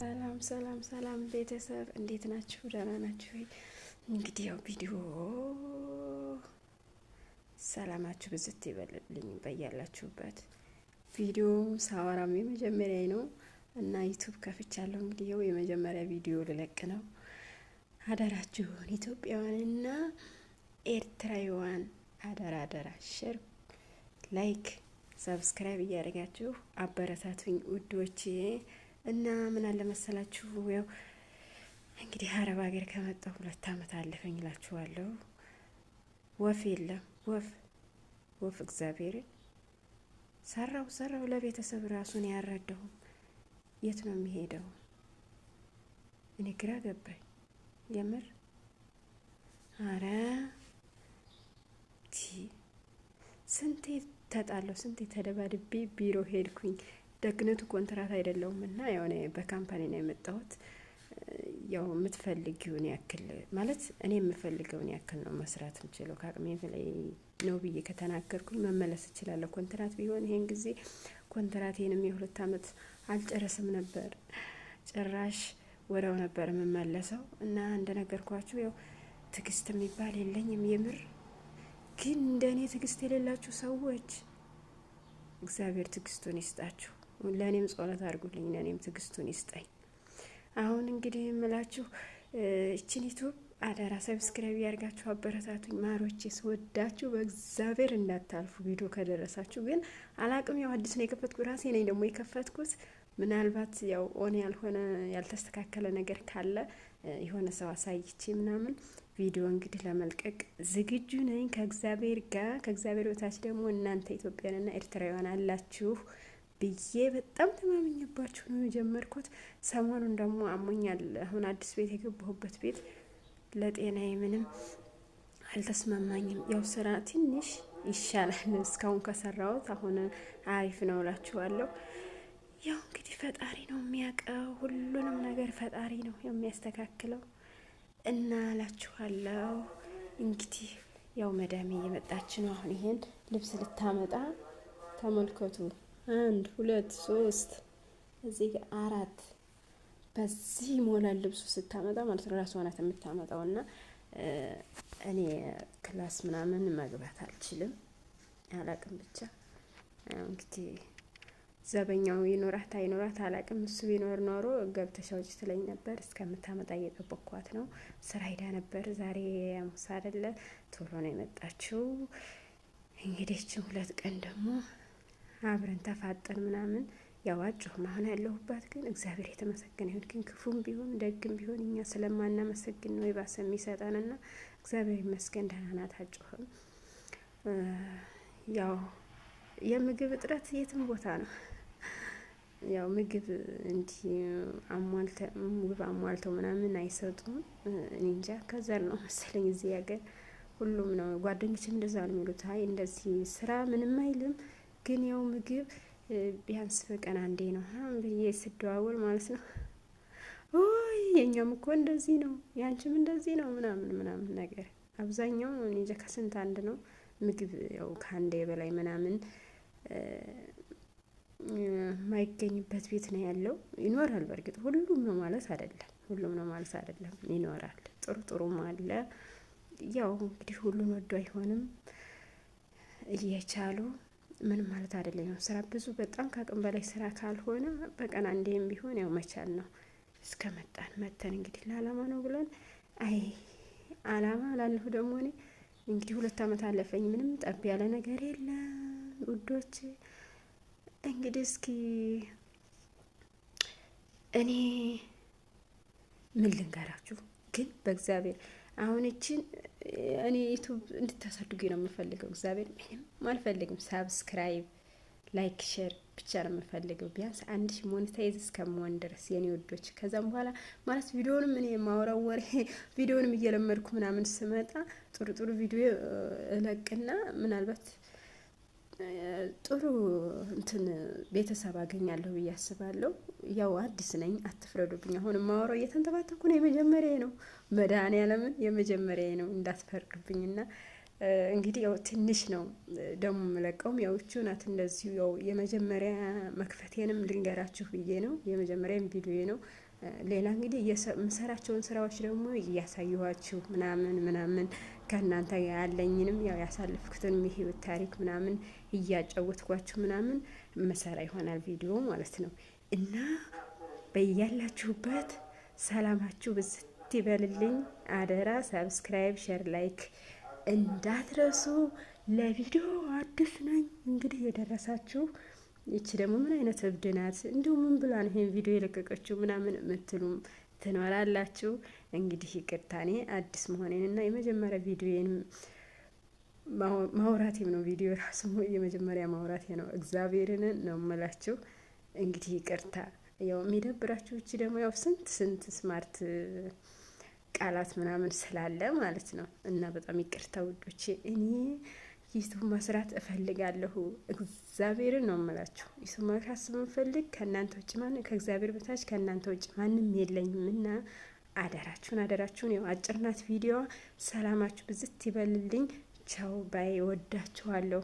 ሰላም ሰላም ሰላም ቤተሰብ እንዴት ናችሁ? ደህና ናችሁ? እንግዲህ ያው ቪዲዮ ሰላማችሁ ብዝት ይበልልኝ በያላችሁበት። ቪዲዮ ሳወራም የመጀመሪያ ነው እና ዩቱብ ከፍቻለሁ። እንግዲህ ያው የመጀመሪያ ቪዲዮ ልለቅ ነው። አደራችሁን ኢትዮጵያውያንና ኤርትራውያን አደራ አደራ፣ ሼር፣ ላይክ፣ ሰብስክራይብ እያደረጋችሁ አበረታቱኝ ውዶቼ። እና ምን አለ መሰላችሁ ያው እንግዲህ አረብ ሀገር ከመጣሁ ሁለት አመት አለፈኝ እላችኋለሁ። ወፍ የለም ወፍ ወፍ እግዚአብሔርን ሰራው ሰራው ለቤተሰብ ራሱን ያረዳሁም የት ነው የሚሄደው? እኔ ግራ ገባኝ የምር አረ ስንቴ ተጣለው ስንቴ ተደባድቤ ቢሮ ሄድኩኝ። ደግነቱ ኮንትራት አይደለውም እና የሆነ በካምፓኒ ነው የመጣሁት። ያው የምትፈልጊውን ያክል ማለት እኔ የምፈልገውን ያክል ነው መስራት የምችለው። ከአቅሜ በላይ ነው ብዬ ከተናገርኩኝ መመለስ እችላለሁ። ኮንትራት ቢሆን ይሄን ጊዜ ኮንትራቴንም የሁለት ዓመት አልጨረስም ነበር። ጭራሽ ወደው ነበር የምመለሰው እና እንደነገርኳችሁ ያው ትዕግስት የሚባል የለኝም። የምር ግን እንደኔ ትዕግስት የሌላችሁ ሰዎች እግዚአብሔር ትዕግስቱን ይስጣችሁ። ለእኔም ጸሎት አድርጉልኝ፣ ለእኔም ትግስቱን ይስጠኝ። አሁን እንግዲህ የምላችሁ እችን ዩቱብ አደራ ሰብስክራይብ ያርጋችሁ አበረታቱኝ። ማሮቼ ስወዳችሁ በእግዚአብሔር እንዳታልፉ። ቪዲዮ ከደረሳችሁ ግን አላቅም። ያው አዲስ ነው የከፈትኩ ራሴ ነኝ ደግሞ የከፈትኩት። ምናልባት ያው ኦን ያልሆነ ያልተስተካከለ ነገር ካለ የሆነ ሰው አሳይቼ ምናምን ቪዲዮ እንግዲህ ለመልቀቅ ዝግጁ ነኝ። ከእግዚአብሔር ጋር ከእግዚአብሔር በታች ደግሞ እናንተ ኢትዮጵያንና ኤርትራውያን አላችሁ። ብዬ በጣም ተማምኝባቸው ነው የጀመርኩት። ሰሞኑን ደግሞ አሞኛል። አሁን አዲስ ቤት የገባሁበት ቤት ለጤናዬ ምንም አልተስማማኝም። ያው ስራ ትንሽ ይሻላል እስካሁን ከሰራሁት አሁን አሪፍ ነው እላችኋለሁ። ያው እንግዲህ ፈጣሪ ነው የሚያውቀው፣ ሁሉንም ነገር ፈጣሪ ነው የሚያስተካክለው እና እላችኋለሁ። እንግዲህ ያው መዳሜ እየመጣች ነው አሁን ይሄን ልብስ ልታመጣ ተመልከቱ። አንድ ሁለት ሶስት እዚህ ጋር አራት በዚህ ሞላል ልብሱ ስታመጣ ማለት ነው። ራሷ ናት የምታመጣው እና እኔ ክላስ ምናምን መግባት አልችልም አላቅም። ብቻ እንግዲህ ዘበኛው ይኖራት አይኖራት አላቅም። እሱ ቢኖር ኖሮ ገብተሽ አውጪ ትለኝ ነበር። እስከምታመጣ እየጠበኳት ነው። ስራ ሄዳ ነበር ዛሬ ሐሙስ አይደለ፣ ቶሎ ነው የመጣችው። እንግዲህ ሁለት ቀን ደግሞ አብረን ተፋጠን ምናምን ያው አጭሁም አሁን ያለሁባት ግን እግዚአብሔር የተመሰገነ ይሁን። ግን ክፉም ቢሆን ደግም ቢሆን እኛ ስለማናመሰግን ነው የባሰ ና እግዚአብሔር ይመስገን ደህና ናት። አጭሁም ያው የምግብ እጥረት የትም ቦታ ነው። ያው ምግብ እንዲህ አሟልተ ምግብ አሟልተው ምናምን አይሰጡም። እኔ እንጃ ከዘር ነው መሰለኝ እዚህ ሀገር ሁሉም ነው። ጓደኞችም እንደዛ ነው የሚሉት። አይ እንደዚህ ስራ ምንም አይልም ግን ያው ምግብ ቢያንስ በቀን አንዴ ነው ም ብዬ ስደዋወል ማለት ነው። ይ የእኛም እኮ እንደዚህ ነው ያንቺም እንደዚህ ነው ምናምን ምናምን ነገር አብዛኛው እኔ ከስንት አንድ ነው ምግብ ያው ከአንዴ በላይ ምናምን የማይገኝበት ቤት ነው ያለው። ይኖራል። በእርግጥ ሁሉም ነው ማለት አይደለም፣ ሁሉም ነው ማለት አይደለም። ይኖራል። ጥሩ ጥሩም አለ። ያው እንግዲህ ሁሉን ወዶ አይሆንም እየቻሉ ምን ማለት አይደለም። ያው ስራ ብዙ በጣም ከአቅም በላይ ስራ ካልሆነ በቀን አንዴም ቢሆን ያው መቻል ነው። እስከ መጣን መተን እንግዲህ ለአላማ ነው ብለን አይ አላማ ላለሁ ደግሞ እኔ እንግዲህ ሁለት አመት አለፈኝ። ምንም ጠብ ያለ ነገር የለም ውዶች። እንግዲህ እስኪ እኔ ምን ልንገራችሁ ግን በእግዚአብሔር አሁን እችን እኔ ዩቱብ እንድታሳድጉ ነው የምፈልገው። እግዚአብሔር ምንም አልፈልግም። ሳብስክራይብ፣ ላይክ፣ ሼር ብቻ ነው የምፈልገው። ቢያንስ አንድ ሺ ሞኔታይዝ እስከመሆን ድረስ የኔ ወዶች። ከዛም በኋላ ማለት ቪዲዮንም እኔ የማወራው ወሬ ቪዲዮንም እየለመድኩ ምናምን ስመጣ ጥሩ ጥሩ ቪዲዮ እለቅና ምናልባት ጥሩ እንትን ቤተሰብ አገኛለሁ ብዬ አስባለሁ። ያው አዲስ ነኝ አትፍረዱብኝ። አሁን ማወራው እየተንተባተኩ ነው። የመጀመሪያ ነው መድኃኒዓለምን የመጀመሪያ ነው እንዳትፈርዱብኝና እንግዲህ ያው ትንሽ ነው ደግሞ የምለቀውም ያው እቹ ናት። እንደዚሁ ያው የመጀመሪያ መክፈቴንም ልንገራችሁ ብዬ ነው የመጀመሪያ ቪዲዮ ነው። ሌላ እንግዲህ የምሰራቸውን ስራዎች ደግሞ እያሳየኋችሁ ምናምን ምናምን ከእናንተ ያለኝንም ያው ያሳለፍኩትን የህይወት ታሪክ ምናምን እያጫወትኳችሁ ምናምን መሰራ ይሆናል ቪዲዮ ማለት ነው። እና በያላችሁበት ሰላማችሁ ብዝት ይበልልኝ። አደራ ሰብስክራይብ፣ ሼር፣ ላይክ እንዳትረሱ። ለቪዲዮ አዲስ ነኝ እንግዲህ የደረሳችሁ ይቺ ደግሞ ምን አይነት እብድ ናት? እንዲሁም ምን ብላን ይሄን ቪዲዮ የለቀቀችው ምናምን የምትሉም ትኖራላችሁ። እንግዲህ ይቅርታ እኔ አዲስ መሆኔን እና የመጀመሪያ ቪዲዮን ማውራቴም ነው ቪዲዮ ራሱ የመጀመሪያ ማውራቴ ነው። እግዚአብሔርን ነው የምላችሁ። እንግዲህ ይቅርታ ያው የሚደብራችሁ እቺ ደግሞ ያው ስንት ስንት ስማርት ቃላት ምናምን ስላለ ማለት ነው እና በጣም ይቅርታ ውዶቼ እኔ ዩቱብ መስራት እፈልጋለሁ። እግዚአብሔርን ነው የምላችሁ። ዩቱብ መስራት ስለምፈልግ ከእናንተ ውጭ ማንም ከእግዚአብሔር በታች ከእናንተ ውጭ ማንም የለኝም እና አደራችሁን አደራችሁን። ያው አጭርናት ቪዲዮ። ሰላማችሁ ብዝት ይበልልኝ። ቻው ባይ። ወዳችኋለሁ።